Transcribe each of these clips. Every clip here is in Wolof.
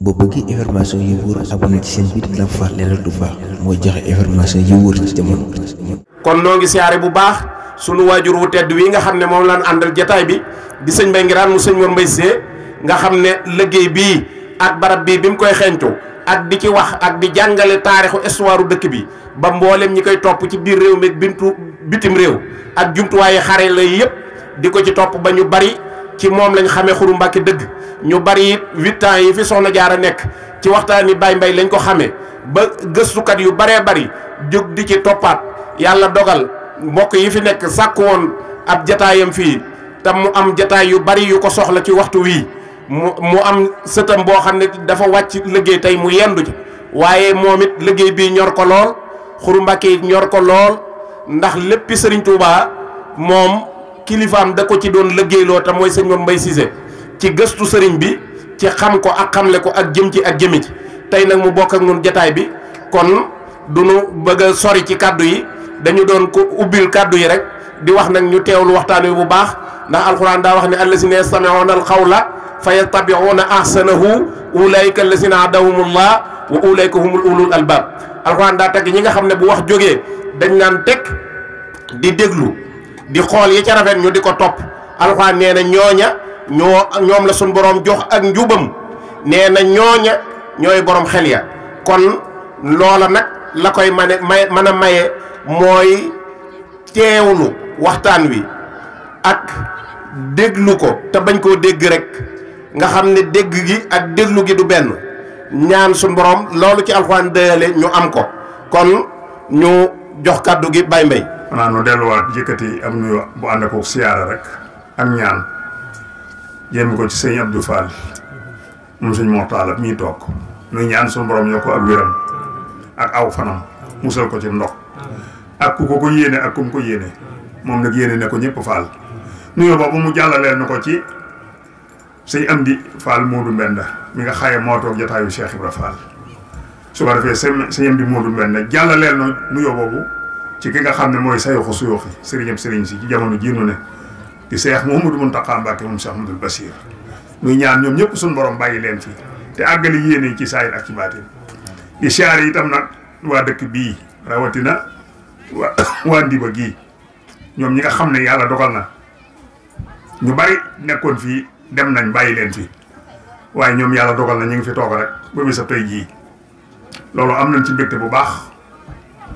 bo bëggee information yi wóor abonné ci seen bi la Fall Léral du baax mo joxe information yi wóor ci jëmon kon noo ngi siaré bu baax suñu wajur wu tedd wi nga xamné mom moom laan àndal jataay bi di señ Mbay Ngiraan mu señ Mor Mbay sé nga xamné liggéey bi ak barab bi bim koy xéñtu ak di ci wax ak di jàngale taarixu histoire dëkk bi ba mboolem ñi koy top ci biir réew mi bintu bitim réew ak jumtuwaayu xare la yëpp di ko ci top ba ñu bari ci mom lañ xamé xuru mbacké deug ñu bari 8 ans yi fi soxna jaara nek ci waxtaan ni Baye Mbaye lañ ko xamé ba kat yu bari jog di ci topat yalla dogal mbokk yi fi nek sakku won ab jotaayam fi tam mu am setembohan, yu bari yu ko soxla ci waxtu wi mu am sëtam bo xam dafa wacc liggéey tay mu yendu ci waye momit liggéey ñor ko lool xuru mbacké ñor ko lool ndax lepp serigne Touba mom kilifaam da ko ci doon liggéeyloo te mooy sëñ Mame Mbaye Cissé ci gëstu sëriñ bi ci xam ko ak xamle ko ak jëm ci ak jëmi ci tey nag mu bokk ak ñun jataay bi kon du nu bëgg a sori ci kàddu yi dañu doon ko ubbil kàddu yi rek di wax nag ñu teewlu waxtaan wi bu baax ndax alxuraan daa wax ne allazina yastami'una alqawla fa yattabi'una ahsanahu ulaika allazina adahumullah wa ulaika humul ulul albab alxuraan daa teg ñi nga xam ne bu wax jógee dañ naan teg di déglu di xool yi ca rafet ñu di ko topp alxuraan nee na ñooña ñoo ñoom la suñ boroom jox ak njubam nee na ñooña ñooy borom xel ya kon loola nag la koy mane may mën a maye mooy teewlu waxtaan wi ak déglu ko te bañ koo dégg rek nga xam ne dégg gi ak déglu gi du benn ñaan suñ borom loolu ci alxuraan dëyale ñu am ko kon ñu jox kàddu gi bay mbay xanaa nu delluwaat jëkkati am nuyu bu ànd ak siyaara rek ak ñaan yéem ko ci sëñ Abdou Fall moom suñ mortaala mii toog nu ñaan suñu borom yokk ko ak wéram ak aw fanam musal ko ci ndox ak ku ko ko yéene ak kum ko yéene moom nag yéene ne ko ñëpp Fall nuyoo boobu mu jàllalee na ko ci sëñ Amdi Fall Moodu Mbenda mi nga xaye moo toog jotaayu Cheikh Ibra Fall su ko defee sëñ Amdi Moodu Mbenda jàllaleel na nuyoo boobu ci ki nga xam ne mooy sayuxu suyuxi sëriñam sëriñ si ci jamono jii nu ne di seex Mouhamadou Mountakha Mbacké moom Cheikh Mouhamadou Bassir nuy ñaan ñoom ñëpp suñ boroom bàyyi leen fi te àggali yéene ci saayir ak ci baatin di yi itam nag waa dëkk bii rawatina waa waa Ndiba gii ñoom ñi nga xam ne yàlla dogal na ñu bari nekkoon fii dem nañ bàyyi leen fi waaye ñoom yàlla dogal na ñu ngi fi toog rek ba bi sa tey jii loolu am nañ ci mbégte bu baax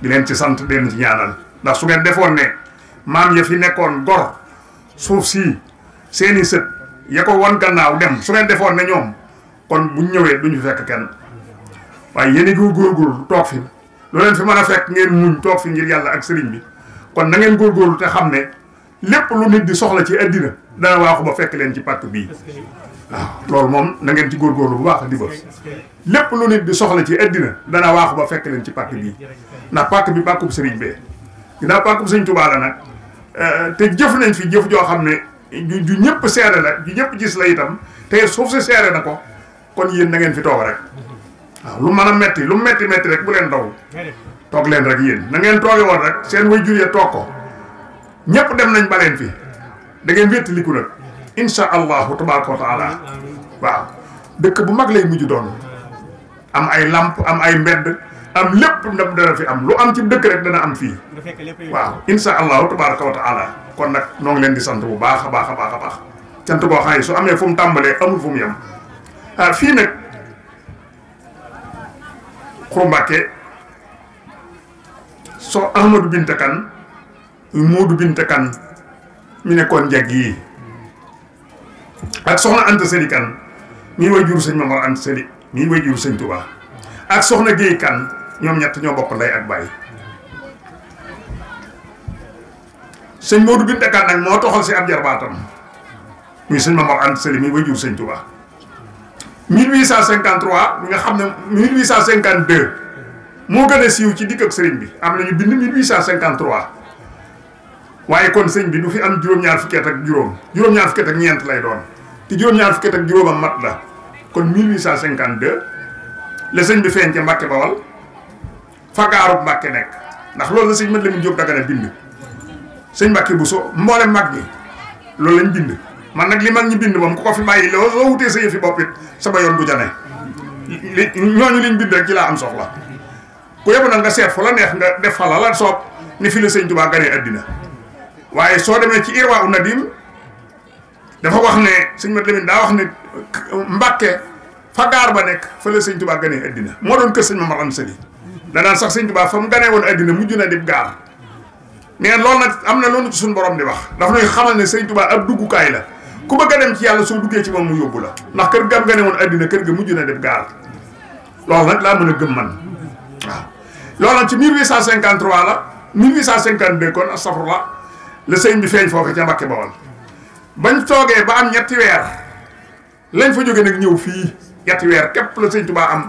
di leen ci sant di leen ci ñaanal ndax su ngeen defoon ne maam ya fi nekkoon gor suuf sii seeni sët ya ko wan gannaaw dem su ngeen defoon ne ñoom kon buñ ñëwee duñu fekk kenn waaye yéen a góor toog fi lu leen fi mën a fekk ngeen muñ toog fi ngir yàlla ak sëriñ bi kon na ngeen góorgóorlu te xam ne lépp lu nit di soxla ci àddina dana waaxu ba fekk leen ci pàkk bii waaw loolu moom na ngeen ci góorgóorlu bu baax di ba lépp lu nit di soxla ci addina dana waaxu ba fekk leen ci pàkk bii ndax pàkk bi pàkkub sëriñ bee ginnaaw pàkkub sëriñ Tuubaa la nag euh, te jëf nañ fi jëf joo xam ne ju ñëpp seere la ju ñëpp gis la itam te suuf si seere na ko kon yéen na ngeen fi toog rek waaw lu mën a metti lu metti metti rek bu leen ndaw toog leen rek yéen na ngeen tooge woon rek seen way jur ya toog ko ñëpp dem nañ baleen fi da ngeen wéttaliku insha Allah, tabaraka wa taala wa dekk bu mag lay muju don am ay lamp am ay mbedd am lepp ndam dara fi am lu am ci dekk rek dana am fi wa insha allahu tabaraka wa taala kon nak noo ngi leen di sant bu baakha baakha baakha baax cant su amé fum tambalé amul fum yam ah fi nak xurumbàkke so Ahmadou bintakan Modou bintakan mi nekkoon njag yi ak soxna Anta Sali Kan mii way jur sëñ Mamar Anta Sali mii ak soxna Géey Kan ñoom ñett ñoo bokk ndey ak bàyyi sëñ moo Binta Kan nag moo toxal si ab jarbaatam muy sëñ Mamar Anta Sali mii way jur sëñ Touba 1853 nga xam ne 1852 moo gën a siiw ci dikk ak sëriñ bi am nañu bind 1853 waaye kon sëñ bi du fi am juróom-ñaar fukki at ak juróom juróom-ñaar fukki at ak ñeent lay doon te juróom ñaar fukki ak juróomam mat la kon 1852 le sëñ bi feeñ ca Bawal fagaarub Mbàkke nekk ndax loolu la sëñ mat la mu dagana bind sëñ Mbàkke bu so mboolem mag ñi loolu lañ bind man nag li mag ñi bind moom ku ko fi bàyyi loo loo wutee sa yëfi bopp sa sama yoon du jane li ñooñu liñ bind rek ci laa am soxla ku yëpp nag nga seet fu la neex nga def fa la la soob fi la sëñ addina waaye soo demee ci Irwa u dafa wax ne sëñ Mat Lamin daa wax ne Mbàkke fa gaar ba nekk fa la sëñ Tuubaa ganee addina moo doon kër sëñ Mamar Anta Sali danaan sax sëñ Tuubaa fa mu ganee woon addina mujj na dem gaar neen loolu nag am na loolu ci suñu borom di wax dafa ñuy xamal ne sëñ Tuubaa ab duggukaay la ku bëgg a ci yàlla soo duggee ci moom mu yóbbu la ndax kër gam ganee woon addina kër ga mujj na dib gaar loolu nag laa mën a gëm man waaw loolu nag ci 1853 la 1852 kon astafurlah la sëñ bi feeñ foofu ca Mbàkke Bawol bañ toogee ba am ñetti weer lañ fa jóge nag ñëw fii ñetti weer képp la sëñ Tuubaa am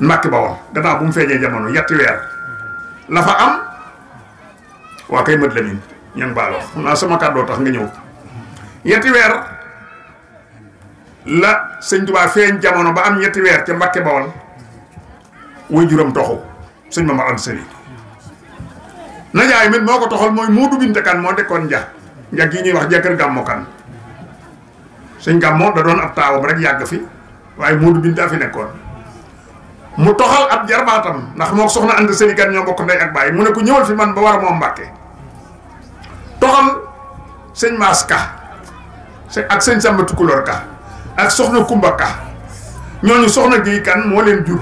Mbàkke Bawol gannaaw bu mu feeñee jamono ñetti weer la fa am waa kay mët lamin ñan baal wax naa sama kàddoo tax nga ñëw ñetti weer la sëñ Tuubaa feeñ jamono ba am ñetti weer ca Mbàkke Bawol way juram toxu sëñ ma Anta Sali najaay mit moo ko toxal mooy Moodu Binte Kan moo dekkoon ja yagi gi ñuy wax jëkkër gàmmo kan señ gàmmo da doon ab taawam rek yàgg fi waaye Moodu Binta fi nekkoon mu toxal ab jarbaatam ndax moo soxna and sëriñ gan ñoo bokk ndey ak bàyyi mu ne ko ñëwal fi man ba war moom mbàkke toxal señ maas ka ak sëñ sàmba tukulóor ka ak soxna kumba ka ñooñu soxna gi kan moo leen jur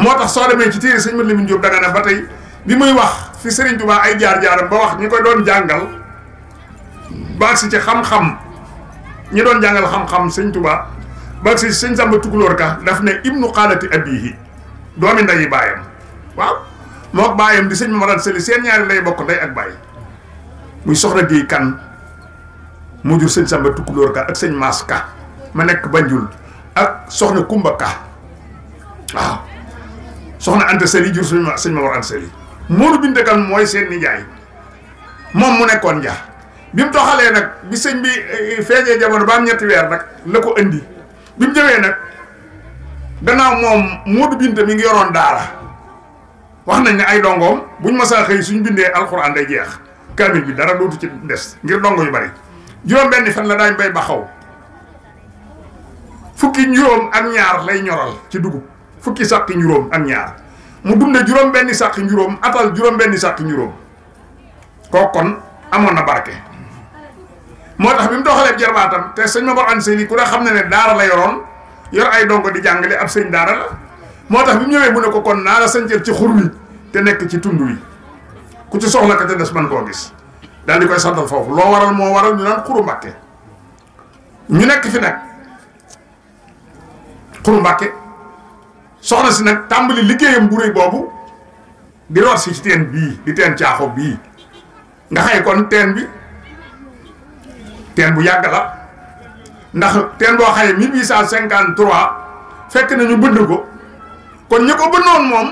moo tax soo demee ci téere sëñ Mat Lamin Jóob danga ne ba tey di muy wax fi Serigne Touba ay jaar-jaaram ba wax ñi ko doon jangal baag si ci xam-xam ñi doon jangal xam-xam Serigne Touba ci Serigne Samba ka daf ne ibnu qalat abihi doomi ndeyi bayam waaw mok bayam di serigne Mamadou Sëli seen ñaari lay bokk day ak baay muy soxna gi kan mu jur serigne Samba Tukulóor ka ak serigne maska, ma nek Banjul ak soxna Kumba ka waaw soxna ante Sëli jur serigne Mamadou Anta Mor Binta Kane mooy seen nijaay moom mu nekkoon njaar bi mu doxalee nag bi sëñ bi eh, feeñee jamono ba am ñetti weer nag la ko indi bi mu ñëwee nag gannaaw moom Modou Binta mi ngi yoroon daara wax nañ ne ay dongoom buñ masaa xëy suñu bindee alxuraan day jeex kaamil bi dara dootu ci des ngir dongo yu bari juróom benni fan la daañ bay ba xaw fukki juróom ak ñaar lay ñoral ci dugub fukki sàqi njuróom ak ñaar mu dunde juróom benni sàq njuróom atal juróom benni sàq njuróom kooku kon amoon na barke moo tax bi mu doxalee jarbaatam te sëñ Mabor Anta Seyni ku ne xam ne ne daara la yoroon yor ay dongo di jàngale ab sëñ daara la moo tax bi mu ñëwee bu ne ko kon naa la sëñcal ci xur wi te nekk ci tund wi ku ci soxla ka te des man koo gis daal di koy santal foofu loo waral moo waral ñu naan xuru mbàkke ñu nekk fi nag xuru mbàkke soxna si nag tàmbali liggéeyam bu boobu di root si ci teen bii di teen caaxo bii nga xay kon teen bi teen bu yàgg la ndax teen boo xaye 1853 fekk nañu ñu bënd ko kon ñi ko bëndoon moom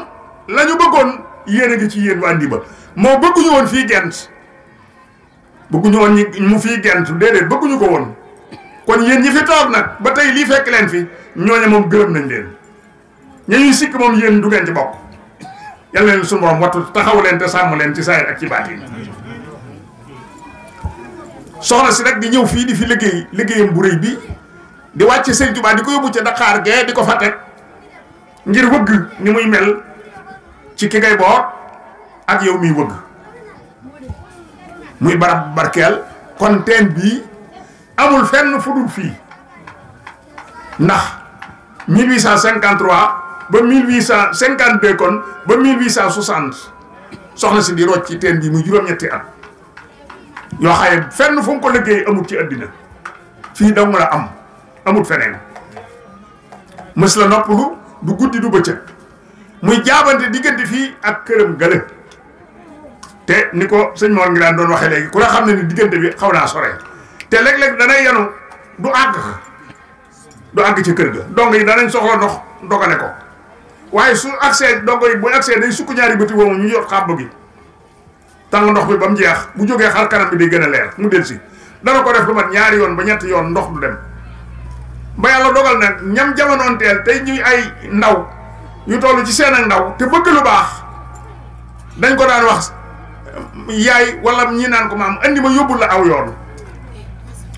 lañu ñu bëggoon yéen a ci yéen waa Ndiba moo bëgguñu woon fii gent bëgguñu woon ñi mu fii gent déedéet bëgguñu ko woon kon yéen ñi fi toog nag ba tey lii fekk leen fi ñooñe moom gërëm nañ leen ñuy sikk moom yéen du ngeen ci bokk yàlla leen suñu borom wattu taxaw leen te sàmm leen ci saayir ak ci baatin si rek di ñëw fii di fi liggéey liggéeyam bu rëy bi di wàcc sëñ Tuubaa di ko yóbbu ci Dakar gee di ko fa teg ngir wëgg ni muy mel ci ki ngay boot ak yow miy wëgg muy barab barkeel kon teen bii amul fenn fu dul fii ndax 1853 ba 1852 kon ba 1860 soxna ci di rocc ci ten bi mu juroom ñetti at yo xaye fenn fu ko liggéey amut ci àddina fii dong la am amut feneen mës noppulu du guddi du bëccëg muy jaabante diggante fii ak këram gële te ni ko sëñ ngi daan doon waxee léegi ku la xam ne ni diggante bi xaw naa sore te léeg-léeg danay yanu du àgg du àgg ci kër ga dong yi danañ soxla ndox ndogale ko waaye su accès dongo yi bu accès day sukk ñaari bëti woomu ñu yor xàbb gi tàng ndox bi ba mu jeex bu jógee xar kanam bi day gën a leer mu del si dana ko def lu mat ñaari yoon ba ñetti yoon ndox du dem yàlla dogal nag ñam jamonoonteel tey ñuy ay ndaw yu toll ci seen ndaw te bëgg lu baax dañ ko daan wax yaay wala ñi naan ko maam andi ma yóbbul la aw yoon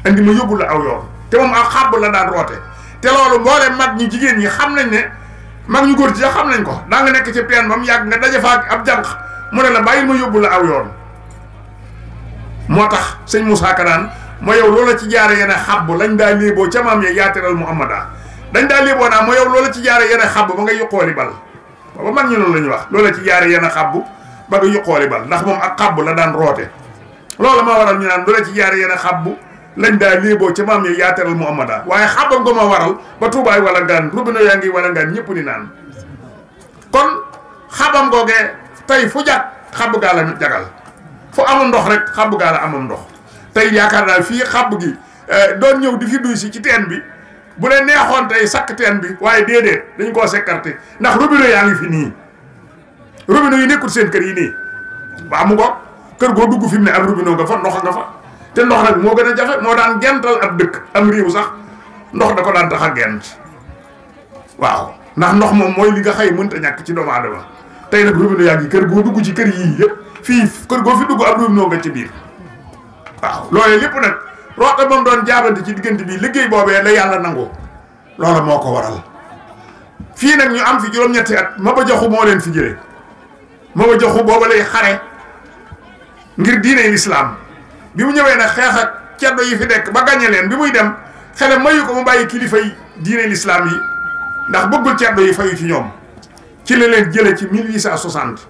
andi ma yóbbul la aw yoon te moom ak xàbb la daan roote te loolu mboolem mag ñu jigéen ñi xam nañ ne mag ñu góor ci sax xam nañ ko daa nga nekk ci peen ba mu yàgg nga daje fa ak ab jànq mu ne la bàyyil ma yóbbu la aw yoon moo tax sëñ Moussa Kanaan ma yow la ci jaar yene xàbb lañ daa léeboo ca maam ya yaatiral muhammada dañ daa léeboo naa ma yow loola ci jaare yene xàbb ba nga yuqooli bal booba mag ñu loolu la ñuy wax la ci jaare yene xàbb ba nga yuqooli bal ndax moom ak xàbb la daan roote loola moo a ñu naan la ci jaare yene xàbb lañ daa léeboo ca maam ya yaataral muhammada waaye xabam ko ma waral ba tuubaay wala ngaan robinet yaa ngi wala ngaan ñëpp ni naan kon xabam goge? tey fu jàkk xabu gaa la jagal fu amul ndox rek xabu gaa la amul ndox tey yaakaar naa fii xab gi eh, doon ñëw di fi duy si ci teen bi bu leen neexoon tey sakk teen bi waaye déedéet dañ koo sekkarte ndax robinet yaa ngi fi nii robinet yi nekkul seen kër yi nii waa mu ngoog kër goo dugg fi mu ne nga fa ndox nga fa te ndox nag moo gën a jafe moo daan gental ab dëkk am réew sax ndox da ko daan tax gent waaw ndax ndox moom mooy li nga xay mënta ñàkk ci doomu aadama tey nag robinet yaa ngi dugg ci kër yii yëpp fii kër fi dugg ab robinet ci biir waaw loolee lépp nag roota moom doon jaabante ci diggante bi liggéey boobee la yàlla nangoo loola moo ko waral fii nag ñu am fi juróom-ñetti at Maba Jaxu moo leen fi jëlee Maba Jaxu booba lay xare ngir diine lislaam bi mu ñëwee nag xeex ak ceddo yi fi nekk ba gàññe leen bi muy dem xelam mayu ko mu bàyyi kilifay yi diine lislaam yi ndax bëggul ceddo yi fayu ci ñoom ci la leen jële ci 1860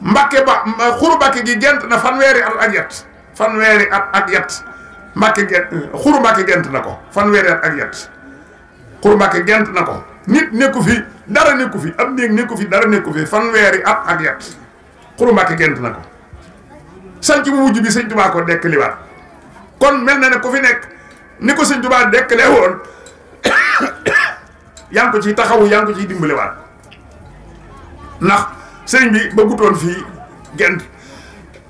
mbakke ba xuru mbakke gi gent na fanweeri at ak yet fanweeri at ak yet mbakke gent euh, xuru mbakke gent na ko fanweeri at ak yet xuru mbakke gent na ko nit nekku fi dara nekku fi ab néeg nekku fi dara nekku fi fanweeri at ak yet xuru mbakke gent na ko sanc bu mujj bi sëñ tubaa ko dekk liwaat kon mel na ne ko fi nekk ni ko sëñ tubaa dekklee woon yaa ngi ko ciy taxawu yaa ngi ko ciy dimbaliwaat ndax sëñ bi bëggutoon fii gent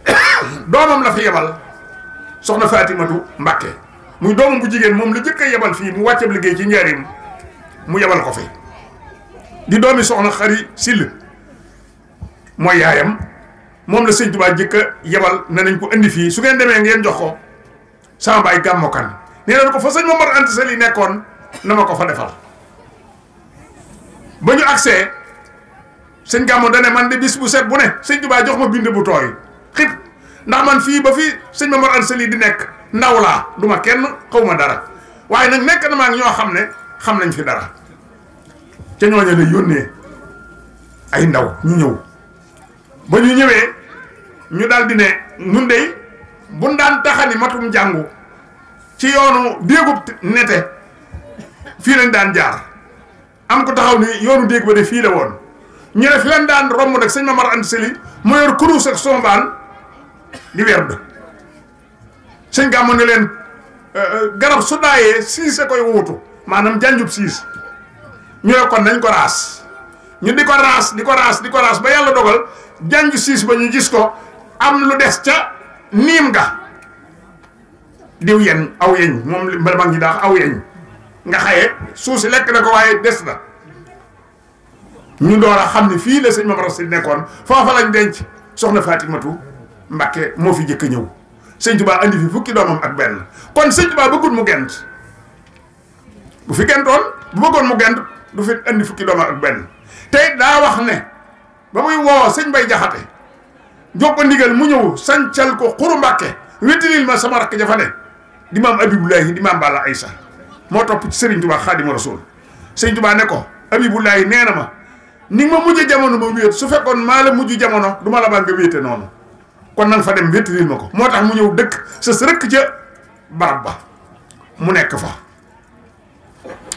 doomam la fi yebal soxna Fatimatu Mbàkke muy doomam bu jigéen moom la jëkk a yebal fii mu wàcceb liggéey ci njaarim mu yebal ko fi di doomi soxna xari sill mooy yaayam moom la sëñ Tuubaa jëkk a yebal ne nañ ko indi fii su ngeen demee ngeen jox ko sama baay gàmmu kan nee na ko fa sëñ Momar Anta Sali nekkoon na ma ko fa defal ba ñu agsee sëñ gàmmu dane man de bis bu set bu ne sëñ Tuubaa jox ma bind bu tooy xib ndax man fii ba fi sëñ Momar Anta Sali di nekk ndaw laa du ma kenn xaw ma dara waaye nag nekk na maa ngi ñoo xam ne xam nañ fi dara ca ñooñu la yónnee ay ndaw ñu ñëw ba ñu ñëwee ñu daal di ne nun dey bu daan taxani matum jàngu ci yoonu déegub nete fii lañ daan jaar am ko taxaw ni yoonu déeg ba de fii la woon ñu ne fi lañ daan romb nag sëñ Mamar Anta Sali mu yor kurus ak sombaan di sëñ gàmmo ne leen euh, euh, garab su daayee siis a koy wuutu maanaam janjub siis ñu ne kon nañ ko raas ñu di ko raas di ko raas di ko raas ba yàlla dogal jàng siis ba ñu gis ko am lu des ca niim ga diw aw yeñ moom li mag ñi daax aw yeñ nga xaye suuf si lekk na ko waaye des la ñu door a xam ne fii la sëñ Mame Racine nekkoon foofa lañ denc soxna Fatimatu Mbàkke moo fi jëkk ñëw sëñ Tuubaa indi fi fukki doomam ak benn kon sëñ Tuubaa bëggul mu gent bu fi gentoon bu bëggoon mu gent du fi indi fukki doomam ak benn te daa wax ne ba muy woo sëñ bay jaxate jox ko ndigal mu ñëw sancal ko xuru mbàkke wétalil ma sama rakk jafa ne di maam abibulahi di maam balla aysa moo topp ci sëriñ tubaa xaadimu rasul sëriñ tubaa ne ko abibulahi nee na ma ni nga ma mujj jamono ba wéet su fekkoon maa la mujj jamono du ma la bal nga wéete noonu kon nanga fa dem wétalil ma ko moo tax mu ñëw dëkk sës rëkk ca ba mu nekk fa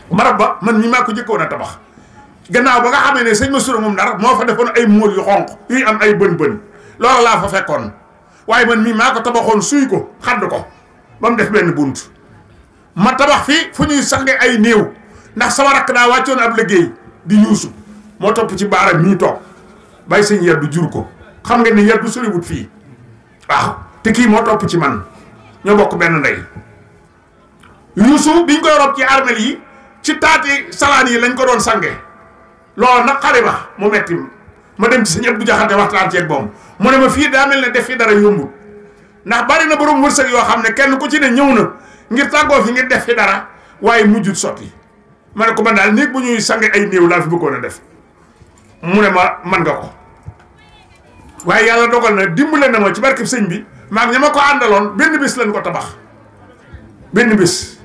barab ba man ñi maa ko jëkkoon a tabax gannaaw ba nga xamee ne sëñ Massoura moom dara moo fa defoon ay móol yu xonq yuy am ay bën-bën loola laa fa fekkoon waaye man mii maa ko tabaxoon suy ko xadd ko ba mu def benn bunt ma tabax fii fu ñuy sange ay néew ndax sama rakk daa wàccoon ab liggéey di yuusu moo topp ci baaram mii toog bàyyi sëñ yeddu jur ko xam nga ne yeddu soriwut fii waaw te kii moo topp ci man ñoo bokk benn ndey yuusu biñ koy rob ci armel yi ci taati salaan yi lañ ko doon sange loolu nag xare ba mu metti ma ma dem ci sëñ Abdou Jaxate waxtaan ceeg moom mu ne ma fii daa mel ne def fi dara yombut ndax bari na boroom wërsëg yoo xam ne kenn ku ci ne ñëw na ngir tàggoo fi ngir def fi dara waaye mujjut sotti ma ne ko man daal néeg bu ñuy sange ay néew laa fi bëggoon a def mu ne ma man nga ko waaye yàlla dogal na dimbale na ma ci barkeb sëñ bi maag ña ma ko àndaloon benn bis lañ ko tabax benn bis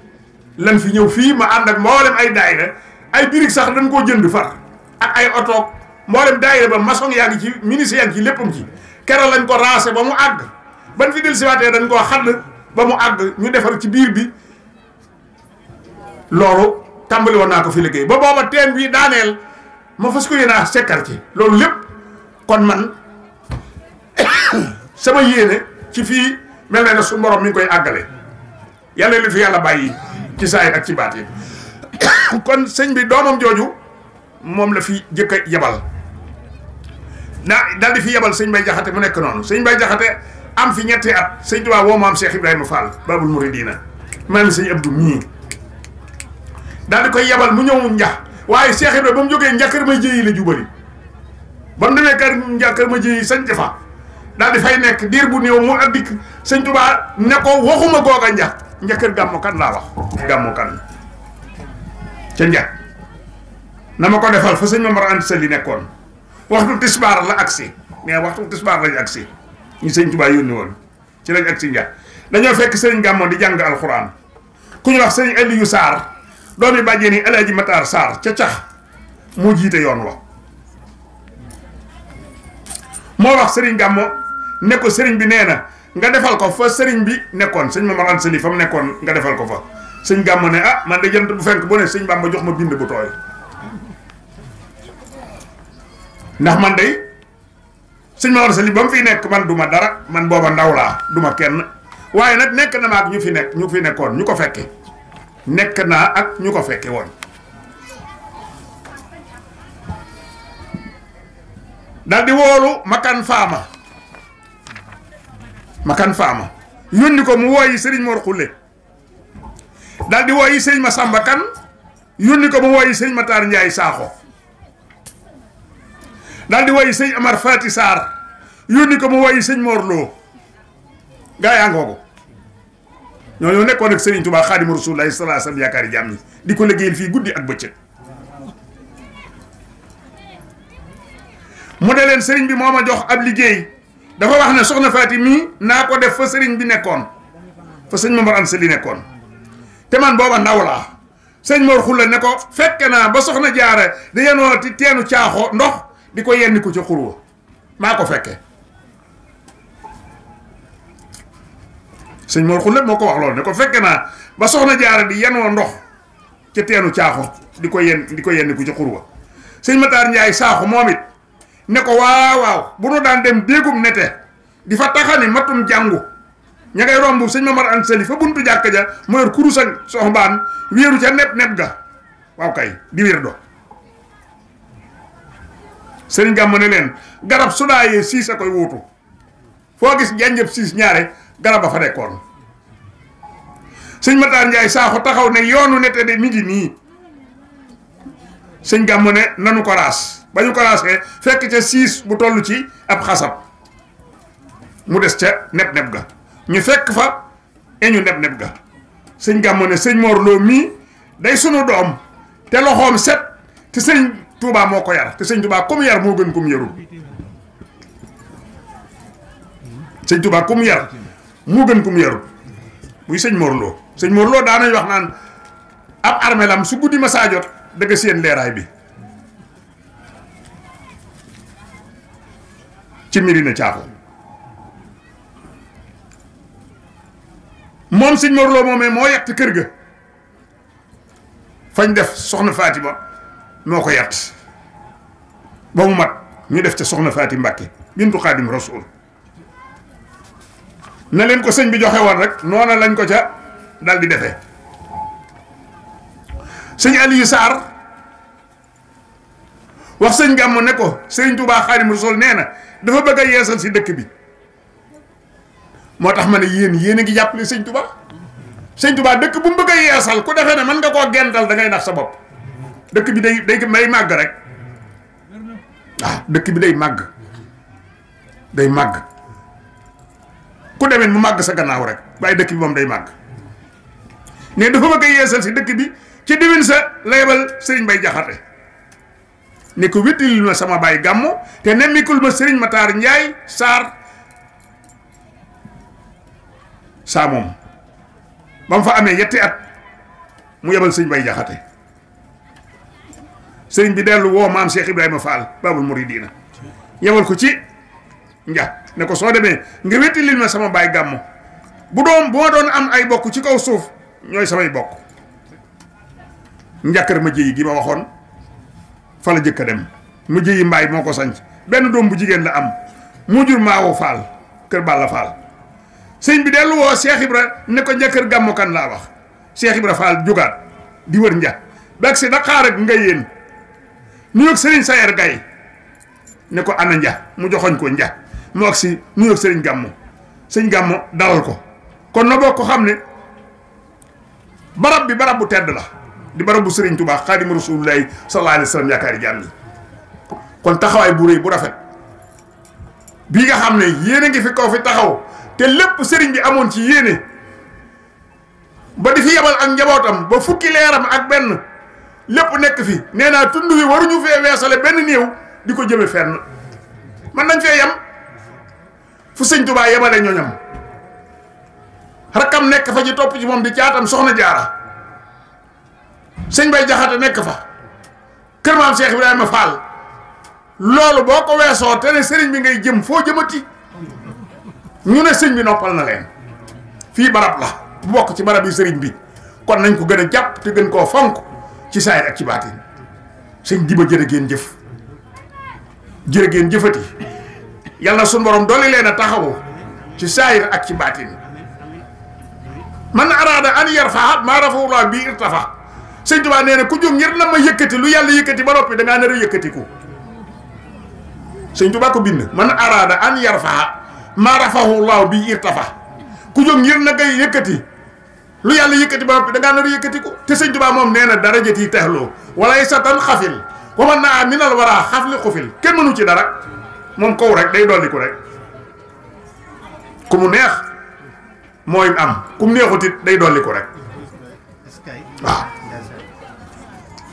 lan fi ñëw fii ma ànd ak mboolem ay daayira ay birig sax dañ koo jënd far ak ay otoog mboolem daayira ba maçon yaa ngi ci ministre yaa ngi ci léppam ci keroog lañ ko raase ba mu àgg ban fi del siwaatee dañ koo xadd ba mu àgg ñu defar ci biir bi loolu tàmbali naa ko fi liggéey ba booba teen bii daaneel ma fas ko yéenaa sekkar ci loolu lépp kon man sama yéene ci fii mel na ne su borom mi ngi koy àggale yàlla li fi yàlla bàyyi ci saay ak ci baat yi kon sëñ bi doomam jooju moom la fi jëkk a yebal naa daal di fi yebal sëñ Bay Jaxate mu nekk noonu sëñ Bay Jaxate am fi ñetti at sëñ Tuubaa woo maam Cheikh Ibrahima Fall Babul Mouridina maam sëñ Abdou mii daal di koy yebal mu ñëw njax waaye Cheikh Ibrahima ba mu jógee njàkkar ma jëyi la jubali ba mu demee kër ma jëyi sañ fa daal di fay nekk diir bu néew mu addik sëñ Tuubaa ne ko waxuma googa njax njàkkar gàmmu kan laa wax gàmmu kan ca njax nama ko defal fa seigne Mamar Anta Sali nekkon waxtu tisbar la aksi mais waxtu tisbar la aksi ni seigne touba yoni won ci lañ aksi ndia dañu fekk seigne gamon di jang alxuraan ku ñu wax sëriñ sar Saar doomi bàjjee ni Alaaji Mataar sar ci tax mo jité yoon wa mo wax seigne Gàmmo ne ko seigne bi neena nga defal ko fa seigne bi nekkon seigne Mamar Anta Sali fam nekkon nga defal ko fa seigne gamo ne ah man de jant bu fenk bu ne seigne bamba jox ma bind bu toy ndax man day sëñ Mawar Sali ba mu fi nek man duma dara man boba ndaw la duma kenn waye nak nek na on. ñu fi nek ñu fi nekkon ñuko fekke nek na ak ñuko fekke won dal di wolu makan fama makan fama Yuniko ko mu wooyi sëriñ Mor Xulle dal di wooyi sëriñ ma Samba Kan ko mu Matar saxo daal di woyi sëñ Amar Fati Sarr yónni ko mu woyi sëñ moorloo Lo gaa yaa ngoogu ñooñu nekkoon ak Serigne Touba Xaadimu Rasuulillaahi sallallaahu alayhi wa yaakaari jàmm di ko liggéeyal fii guddi ak bëccëg. mu ne leen sëriñ bi moo ma jox ab liggéey dafa wax ne soxna Faati mii naa ko def fa Serigne bi nekkoon fa sëñ Momar Anta Sali nekkoon te man booba ndaw laa sëñ Mor la ne ko fekke naa ba soxna jaara da yenoo ti teenu caaxo ndox. di ko yenn ko ci xurwa mako fekke sëñ Mor Xulle wax loolu ne ko fekke na ba soxna jaara di yenoo ndox ci tenu caaxo di ko yenn di ko yenn ko ci xurwa sëñ matar Njaay saxu momit ne ko waaw waaw bu nu daan dem begum nete di fa taxani matum jangu ña ngay romb sëñ Mamar an seli fa buntu jakka ja moyor kurusan kurusa soxbaan ca nep nep ga waaw kay di wirdo. sëriñ Gàmmu ne leen garab su daayee siis a koy wuutu foo gis janjëb siis ñaare garab a fa nekkoon sëñ Mataar Njaay saaxu taxaw ne yoonu nette de mi ngi nii sëñ Gàmmu ne nanu ko raas ba ñu ko raasee fekk ca siis bu toll ci ab xasab mu des ca neb neb ga ñu fekk fa eñu neb neb ga sëñ Gàmmu ne sëñ Mor Lo mii day sunu doom te loxoom set te sëñ Touba moo ko yar te sëñ Touba comme yar moo gën comme yarul gën comme muy sëñ Morlo sëñ Morlo daan wax naan ab armelam su guddi ma saa jot dëgg seen leeraay bi ci Mirina Thiapo moom sëñ Morlo moomee moo yett kër ga fañ def soxna Fatima. moo ko yat ba mu mat ñu def ca soxna Faati Mbàkke bintu Xaadim Rasuul na leen ko sëñ bi joxe woon rek noona lañ ko ca dal di defe sëñ Aliou Sarr wax sëñ Gàmmu ne ko sëñ Tuubaa Xaadim Rasuul nee na dafa bëgg a yeesal si dëkk bi moo tax ma ne yéen yéen a ngi jàppale sëñ Tuubaa sëñ Tuubaa dëkk bu mu bëgg a yeesal ku defee ne mën nga koo gental da ngay nax sa bopp dëkk bi day day day màgg rek waaw ah, dëkk bi day màgg day màgg ku demee mu màgg sa gannaaw rek waaye dëkk bi moom day màgg ne dafa bëgg a yeesal si dëkk bi ci diwin sa laybal sëriñ Bay Jaxate ne ko wittilil ma sama baay gàmmu te nemmikul ma sëriñ Mataar Njaay Saar saa moom ba mu fa amee yetti at mu yebal sëriñ Bay Jaxate sëriñ bi delu wo maam cheikh ibrahima fall babul muridina yewal ko ci nja ne ko so demé nga wetti ma sama bay Budon, bu dom bo don am ay bokku ci kaw suuf ñoy samay bokku njaakar ma jëyi gi ma waxon fa la jëk dem mu jëyi mbay moko sanc bu jigen la am mu jur maawo fall keur balla fall sëñ bi delu wo cheikh ibra ne ko njaakar kan la wax cheikh ibra fall jugaat di wër nja bak si daqaar ak nga nu yoog sëriñ Sayer Gaye ne ko ana nja mu joxoñ ko nja mu ak si nu sëriñ gàmmu sëñ gàmmu dalal ko kon na boo ko xam ne barab bi barab bu tedd la di barab bu sëriñ Tuubaa xaadimu rasuulullaahi sallallaahu alayhi wa sallam yaakaari jaam yi kon taxawaay bu bu rafet bii nga xam ne yéen a ngi fi kaw fi taxaw te lépp sëriñ bi amoon ci yéene ba di fi yabal ak njabootam ba fukki leeram ak benn lépp nekk fi nee naa tund wi waruñu fee weesale benn néew di ko jëme fenn man nañ fee yem fu sëñ Tuubaa yemale ñooñam rakkam nekk fa ci topp ci moom di caatam soxna jaara sëñ bay jaxate nekk fa kër maam Cheikh Ibrahima Fall loolu boo ko weesoo te ne sëriñ bi ngay jëm foo jëmati ñu ne sëñ bi noppal na leen fii barab la bu bokk ci barab yu sëriñ bi kon nañ ko gën a jàpp te gën koo fonk ci saayir ak ci baatin sëñ jiba jërë ngeen jëf jërë jëfati yàlla suñu borom doole leen a taxawu ci saayir ak ci baatin man araada an yarfaha maa rafaullah bi irtafa sëñ Tuubaa nee na ku jóg ngir na lu yàlla yëkkati ba noppi da a yëkkatiku sëñ bind man araada an yarfaha maa rafaullah bi irtafa ku yëkkati lu yalla yëkëti ba noppi da nga na yëkëti ko te señ Tuubaa mom neena dara jëti yi wala ay satan ko man na min minal wara khafli xufil kenn mënu ci dara mom ko rek day dolliku rek kumu neex moy am kum neexuti neexut it day dolliku rek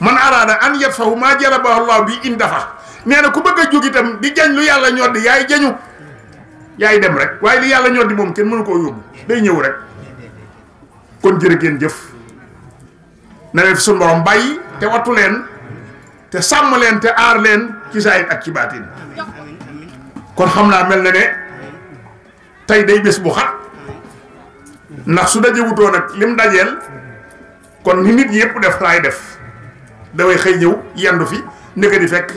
man arada an yafahu ma maa allah bi indafa neena ku bëgg a tam di jagn lu yalla ñoddi yaay jagnu yaay dem rek way lu yalla ñoddi mom kenn mënu ko yobbu day ñëw rek kon jërë ngeen jëf na leen fi suñu borom bàyyi te wattu leen te sàmm leen te aar leen ci saayit ak ci baatin kon xam naa mel na ne tey day bés bu xat ndax su daje wutoo nag lim dajeel kon ni nit yëpp def laay def damay xëy ñëw yendu fi ndeke di fekk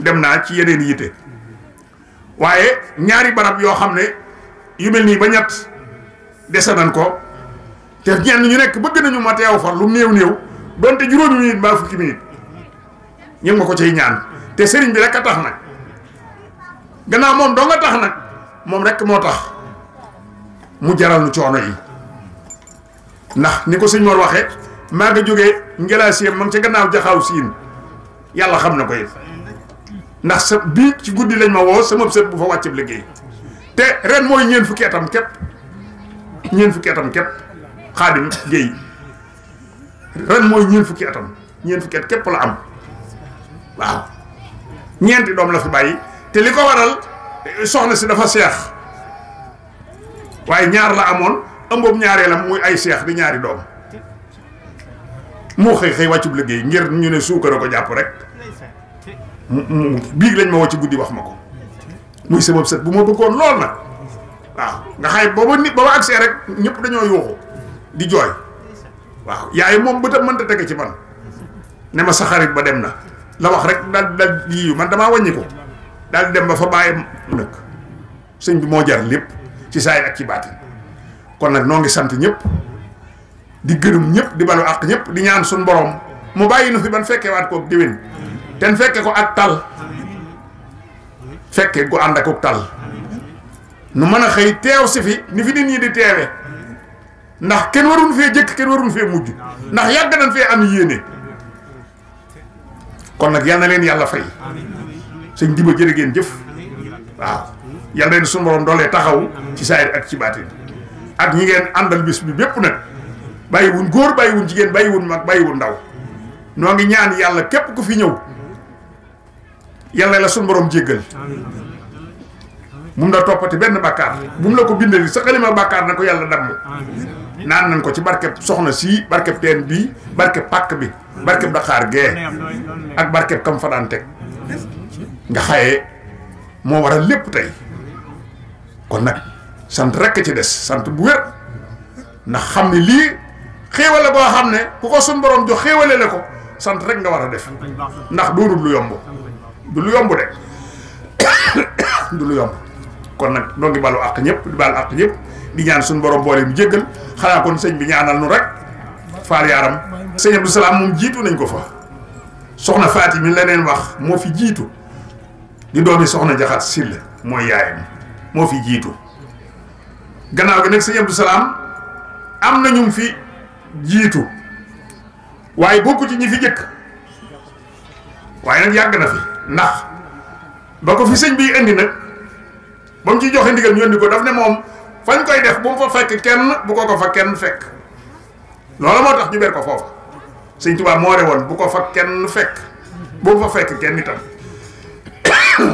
dem naa ci yeneen yitte waaye ñaari barab yoo xam ne yu mel nii ba ñett dese nan ko te ñenn ñu nekk bëgg nañu ma teew fa lu néew néew donte juróomi minute mbaa fukki minute ñu ngi ma ko ci ñaan te sëriñ bi rek a tax nag gannaaw moom doo nga tax nag moom rek moo tax mu jaral nu coono yi ndax ni ko sëñ Mor waxee maa ngi jógee ngelaasiyam ma ngi ca gannaaw jaxaw siin yàlla xam na ko yëpp ndax sa bii ci guddi lañ ma woo sama sët bu fa wàcceb liggéey te ren mooy ñeen fukki atam képp ñeen fukki atam képp khadim gay, ren moy ñeen fukki atam ñeen fukki at kep la am waaw ñeenti doom la fi bayyi te liko waral soxna si dafa cheikh waye ñaar la amoon ëmboob ñaareelam muy ay cheikh di ñaari doom mo xey xey waccu liggey ngir ñu ne suuka rako japp rek biig lañ ma woo guddi wax mako muy sebab set bu mo bëggoon lool nak waaw nga xay bo nit rek ñepp dañoo yoxoo di joy waaw yaay mom bu tam mënta tege ci man ne ma sa xarit ba dem na la wax rek dal daal yiyu man dama wàññi ko dem ba fa baye nak sëñ bi mo jar lepp ci say ak ci batin kon nak ngi sant di gërëm ñëpp di balu ak ñëpp di ñaan sun borom mu bàyyi nu fi ban fekke wat ko diwin ten fekke ko ak tal fekke gu ànd ak tal nu mën xey teew fi ni fi nit ñi di teewe ndax ken warun fe jek ken warun ya mujj ndax yag nañ fe am yene kon nak yalla len yalla fay sëñ diba jërë ngeen jëf waaw yal na leen suñu borom dole taxaw ci sayr ak ci baatin ak ñi ngeen andal bis bi goor bayyi bàyyiwun jigen bayyi jigéen mak bayyi bàyyiwun ndaw no ngi ñaan yalla kep ku fi ñew yalla la sun borom jéggal mum da topati ben bakkar mum la ko bindali sa xalima bakkar na ko dam amin naan nañ ko ci barkeb soxna sii barkeb teen bii barkeb pàkk bi barkeb daxaar gee ak barkeb kam fa teg nga xaye moo a lépp tey kon nag sant rekk ci des sant bu wér ndax xam ne lii xéewale boo xam ne ku ko suñ borom jox xéewale la ko sant rek nga war a def ndax doonul lu yomb du lu yomb de du lu yomb kon nag noo ngi balu àq ñëpp di balu àq ñëpp di ñaan suñu borom boole mu jéggal xanaa kon señ bi ñaanal nu rek faal yaaram sëñ Abdou Salaam moom jiitu nañ ko fa soxna Faati mi leneen wax moo fi jiitu di doomi soxna jaxat sil mooy yaayam moo fi jiitu gannaaw gi nag sëñ Abdou Salaam am na ñu fi jiitu waaye bokku ci ñi fi jëkk waaye nag yàgg na fi ndax ba ko fi sëñ bi indi nag ba mu ci joxe ndigal ñu indi ko daf ne moom fañ koy def bu mu fa fekk kenn bu ko ko fa kenn fekk loolu moo tax ñu ber ko foofu Sëñ Tuubaa moo ne woon bu ko fa kenn fekk bu mu fa fekk kenn itam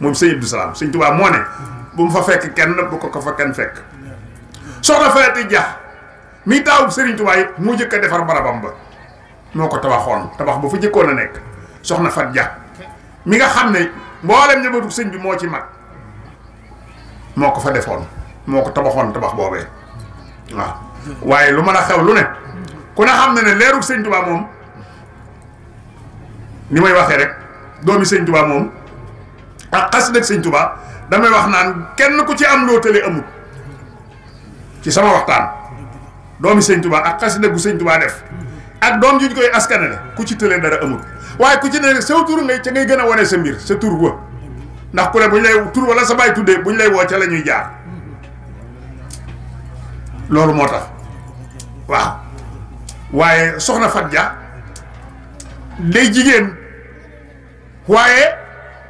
moom sëñ Abdou Salaam Sëñ mu fa fekk kenn bu ko ko fa kenn fekk soxna Faati Jax mi taawub Sëriñ Tuubaa it mu jëkk a defar barabam ba moo ko tabaxoon tabax ba fu jëkkoon a nekk soxna Faat Jax mi nga xam ne mboolem njabootu sëñ bi moo ci mag moo ko fa defoon moo ko tabaxoon tabax boobee waaw waaye lu mën a xew lu ne ku ne xam ne ne leerug sëñ Tuubaa moom ni may waxee rek doomi sëñ Tuubaa moom ak xas dëgg sëñ Tuubaa damay wax naan kenn ku ci am loo tële amul ci sama waxtaan doomi sëñ Tuubaa ak xas dëggu sëñ Tuubaa def ak doom ju ñu koy askanale ku ci tële dara amul waaye ku ci ne saw tur ngay ci ngay gën a wane sa mbir sa tur wa ndax ku ne bu ñu lay tur wala sa bàyyi tuddee bu ñu lay woo ca la ñuy jaar loolu moo tax waaw waaye soxna Fat ja day jigéen waaye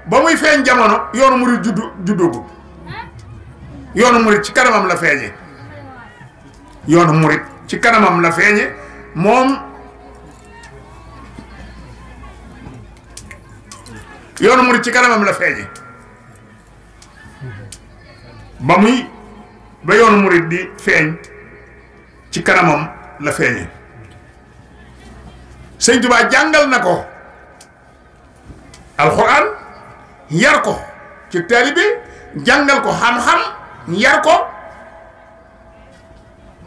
ba muy feeñ jamono yoonu murit judd juddoogu yoonu murit ci kanamam la feeñe yoonu murit ci kanamam la feeñe moom yoonu murit ci kanamam la feeñe ba muy ba yoonu murit di feeñ ci kanamam la feeñe sëñ Tuubaa jàngal na ko alxuraan yar ko ci taalibe jàngal ko xam-xam yar ko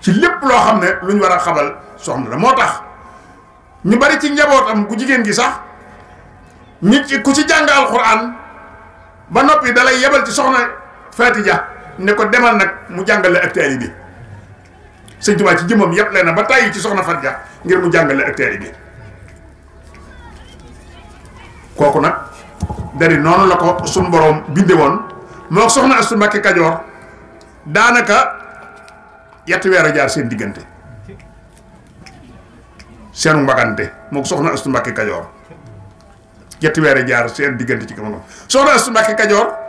ci lépp loo xam ne lu ñu war a xabal soxna la moo tax ñu bari ci njaboot am ku jigéen gi sax nit ku ci jàng alxuraan ba noppi dalay yebal ci soxna Faatija ne ko demal nag mu jàngale ak taalibe bi sëñ Tuubaa ci jëmmam yëpp leen na ba tàyyi ci soxna Farja ngir mu jàngale ak taalibe bi kooku nag dari noonu la ko suñu boroom binde woon moo soxna Astu Mbàkke Kajoor daanaka yetti weer a jaar seen diggante seenu mbagante mook soxna Astu Mbàkke Kajoor weer jaar seen diggante ci kamono soxna Astu Mbàkke Kajoor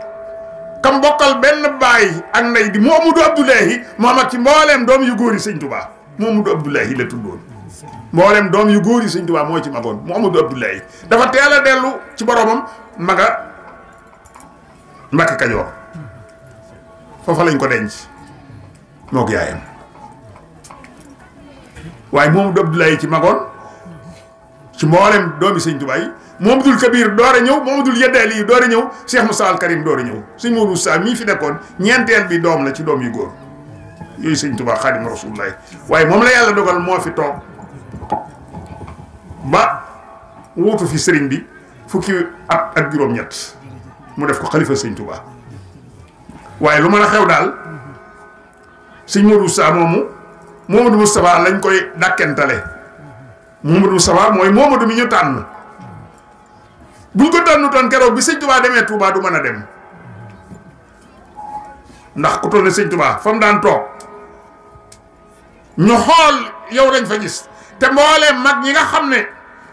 kam bokkal benn baay ak nay di Momadou Abdoulahi Mohamad ci mbooleem doom yu góor yi sëñ Tuubaa Momadou Abdoulahi la tuddoon mbooleem doom yu góor yi sëñ Tuubaa moo ci magoon Momadou Abdoulahi dafa teel dellu ci boromam maga Mbàkke Kajoor foofa lañ ko denc moo ko yaayam ci magoon ci mbooleem doomi sëñ Tuubaa yi Mamadul Kabir door a ñëw Mamadul Yaddaali yi door a ñëw Cheikh mu Al Karim door a ñëw sëñ Modou Moussa mii fi nekkoon ñeenteel bi doom la ci doom yu góor yooyu sëñ Tuubaa Xaadimu Rasuulullaahi waaye moom la yàlla dogal moo fi toog ba wuutu fi sëriñ bi fukki at mu def xalifa sëñ waaye lu mën a xew daal sëñ Modou Moussa moomu lañ koy dàkkentale Mamadou Moustapha mooy Mamadou mi ñu tànn. buñ ko tànnutoon keroog bi sëñ tubaa demee Touba du mën a dem ndax ku toll ne sëñ tubaa fa daan toog ñu xool yow dañ fa gis te mbooleem mag ñi nga xam ne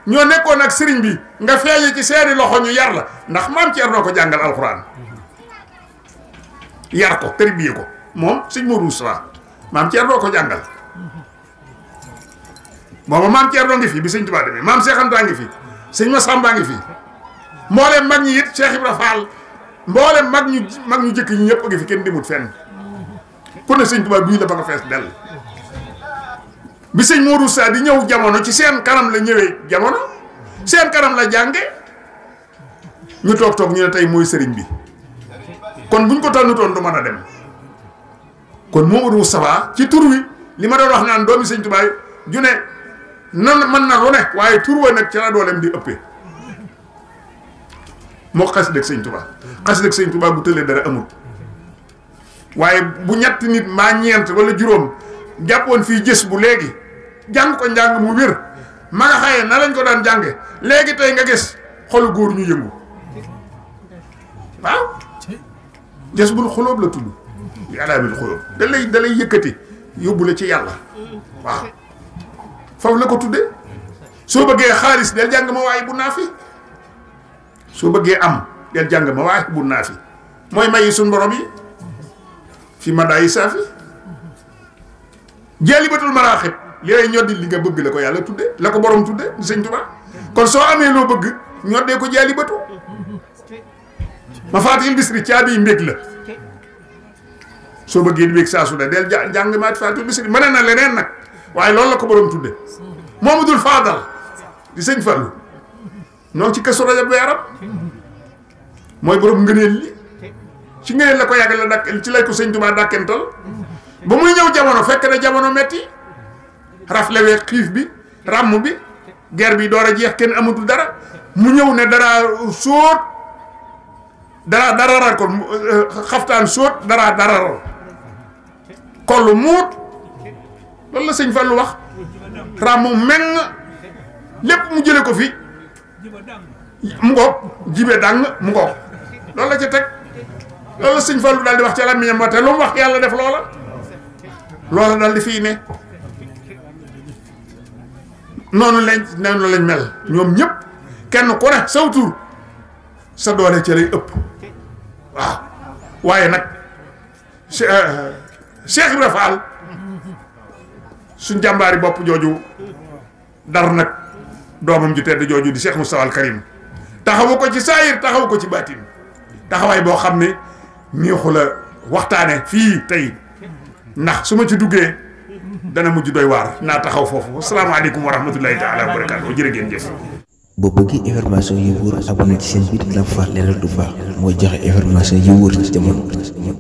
ñoo nekkoon ak sëriñ bi nga feeñe ci seeri loxo ñu yar la ndax maam Ceerno ko jàngal alxuraan yar ko tërbiye ko moom sëñ Modou Moussa maam Ceerno ko jàngal booba maam Ceerno ngi fi bi sëñ tubaa demee maam Seexanta ngi fi sëñ Masamba ngi fi mboolem mag ñi it Cheikh Ibra Fall mag ñu mag ñu jëkk ñi ñëpp a ngi fi kenn demut fenn ku ne sëñ Tuubaa bii la fees dell sëñ Modou Sa di ñëw jamono ci seen kanam la ñëwee jamono seen kanam la jànge ñu toog toog ñu ne tey mooy sëriñ bi kon buñ ko tànnutoon du man a dem kon Modou Moustapha ci tur wi li ma doon wax naan doomi sëñ Tuubaa ju ne nan mën na lu ne waaye tur wa nag ci la dooleem di ëpp mo xass dek seigne touba xass dek seigne touba bu teulé dara amul waye bu ñatt nit ma ñent wala juroom jappone fi jess bu legi jang ko jang mu wir ma nga xaye na lañ ko daan jangé legi tay nga gis xol goor ñu yëngu waaw jess bu xolob la tuddu yalla bil xolob da lay yëkëti yobul la ci yalla waaw faaw la ko tuddé so bëggé xaaliss del jang ma way bu nafi soo bëggee am del jàng ma waaye bu naa fi mooy mayi suñ borom yi fi ma daa yi saafi jaalibatul maraaxib li lay ñoddi li nga bëgg la ko yàlla tudde la ko borom tudde di sëñ Tuubaa kon soo amee loo bëgg ñoddee ko jaalibatu ma faatihil bisri caabi mbég la soo bëggee di mbég saa su ne del jàng maat faatihil bisri mën na leneen nag waaye loolu la ko borom tudde Mamadul Faadal di sëñ Fallu noo ci kasu rajab weeram mooy borom ngëneel li ci ngëneel la ko yàgg la dàkk ci lay ko sëñ Tuubaa dàkkental ba muy ñëw jamono fekk na jamono metti raflewee xiif bi ràmm bi ger bi door a jeex kenn amatul dara mu ñëw ne dara sóot dara dara rar ko euh, euh, xaftaan sóot dara dara rar muut loolu la sëñ Fallu wax ràmm meng lépp mu jële ko fi mu ngoog jibe dang mu ngoog loolu la ci teg loolu la sëñ Fallou daal di wax ci làmmiñam wa te lu wax yàlla def loola loola daal di fii ne noonu lañ noonu lañ mel ñoom ñëpp kenn ku ne saw tur sa doole ci lay ëpp waaw waaye nag euh, Cheikh Ibra Fall suñ jàmbaari bopp dar nag doomam ju tedd jooju di Cheikh Moustapha al Karim taxawu ko ci saayir taxawu ko ci baatin taxawaay boo xam ne neexu la waxtaane fii tey ndax su ma ci duggee dana mujj doy waar naa taxaw foofu asalaamaaleykum wa rahmatullahi taala wa barakaatu jërë ngeen jëf boo bëggee information yi wóor abonné ci seen biir Lamp Fall Léral du baax mooy joxe information yi wóor ci jamono